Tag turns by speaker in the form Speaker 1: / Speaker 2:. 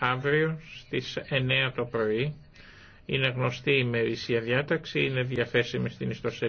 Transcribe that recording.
Speaker 1: αύριο στις 9 το πρωί. Είναι γνωστή η ημερήσια διάταξη, είναι διαθέσιμη στην ιστοσελίδα.